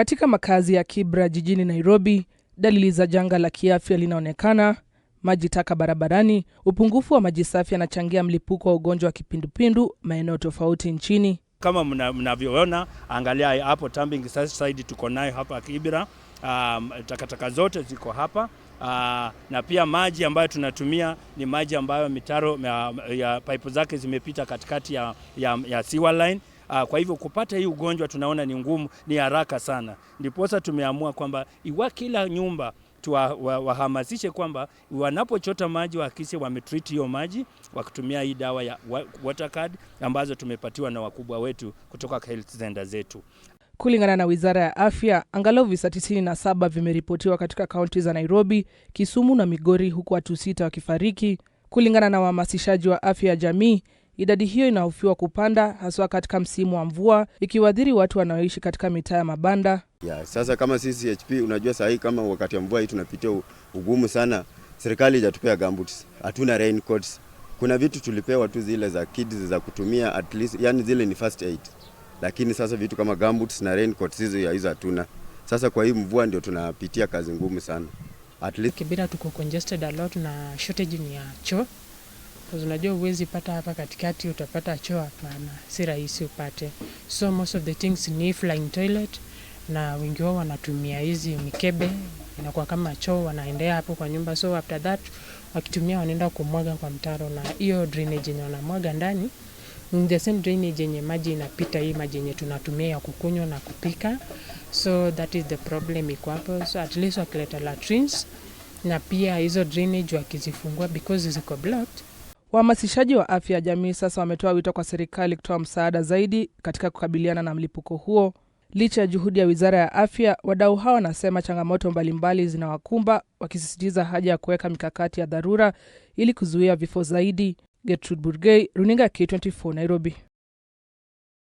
Katika makazi ya Kibra jijini Nairobi, dalili za janga la kiafya linaonekana: maji taka barabarani. Upungufu wa maji safi yanachangia mlipuko wa ugonjwa wa kipindupindu maeneo tofauti nchini. Kama mnavyoona, angalia hapo Tambing Side tuko nayo hapa Kibra. Um, takataka zote ziko hapa. Uh, na pia maji ambayo tunatumia ni maji ambayo mitaro ya, ya pipe zake zimepita katikati ya, ya, ya line Ah, kwa hivyo kupata hii ugonjwa tunaona ni ngumu, ni haraka sana, ndiposa tumeamua kwamba iwa kila nyumba tuwahamasishe wa, kwamba wanapochota maji wahakikishe wametreat hiyo maji wakitumia hii dawa ya water card ambazo tumepatiwa na wakubwa wetu kutoka health center zetu. Kulingana na wizara ya afya, angalau visa 97 vimeripotiwa katika kaunti za Nairobi, Kisumu na Migori, huku watu sita wakifariki, kulingana na wahamasishaji wa afya ya jamii Idadi hiyo inahofiwa kupanda haswa katika msimu wa mvua, ikiwadhiri watu wanaoishi katika mitaa ya mabanda. Ya, sasa kama sisi HP unajua saa hii kama wakati wa mvua hii tunapitia ugumu sana. Serikali ijatupea gumboots, hatuna raincoats. Kuna vitu tulipewa tu zile za kids za kutumia at least, yani zile ni first aid, lakini sasa vitu kama gumboots na raincoats hizo hizo hatuna. Sasa kwa hii mvua ndio tunapitia kazi ngumu sana. At least tuko congested a lot na shortage ni ya choo unajua uwezi pata hapa katikati, utapata choo? Hapana, si rahisi upate. So most of the things ni flying toilet, na wengi wao wanatumia hizi mikebe, inakuwa kama choo, wanaendea hapo kwa nyumba. So after that wakitumia wanaenda kumwaga kwa mtaro, na hiyo drainage yenye wanamwaga ndani the same drainage yenye maji inapita, hii maji yenye tunatumia ya kukunywa na kupika. So that is the problem iko hapo. So at least wakileta latrines na pia hizo drainage wakizifungua because ziko blocked Wahamasishaji wa afya ya jamii sasa wametoa wito kwa serikali kutoa msaada zaidi katika kukabiliana na mlipuko huo. Licha ya juhudi ya wizara ya afya, wadau hawa wanasema changamoto mbalimbali zinawakumba, wakisisitiza haja ya kuweka mikakati ya dharura ili kuzuia vifo zaidi. Gertrude burgey runinga K24, Nairobi.